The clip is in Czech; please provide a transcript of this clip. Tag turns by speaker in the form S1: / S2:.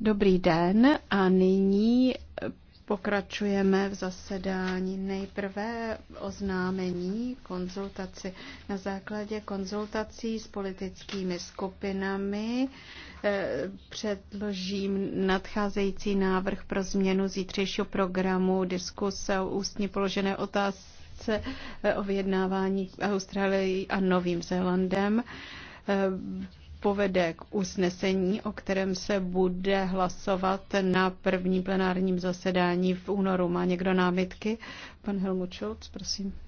S1: Dobrý den a nyní Pokračujeme v zasedání. Nejprve oznámení konzultaci. Na základě konzultací s politickými skupinami eh, předložím nadcházející návrh pro změnu zítřejšího programu diskuse o ústně položené otázce eh, o vyjednávání Austrálii a Novým Zélandem eh, povede k usnesení, o kterém se bude hlasovat na první plenárním zasedání v únoru. Má někdo námitky?
S2: Pan Helmut Schulz, prosím.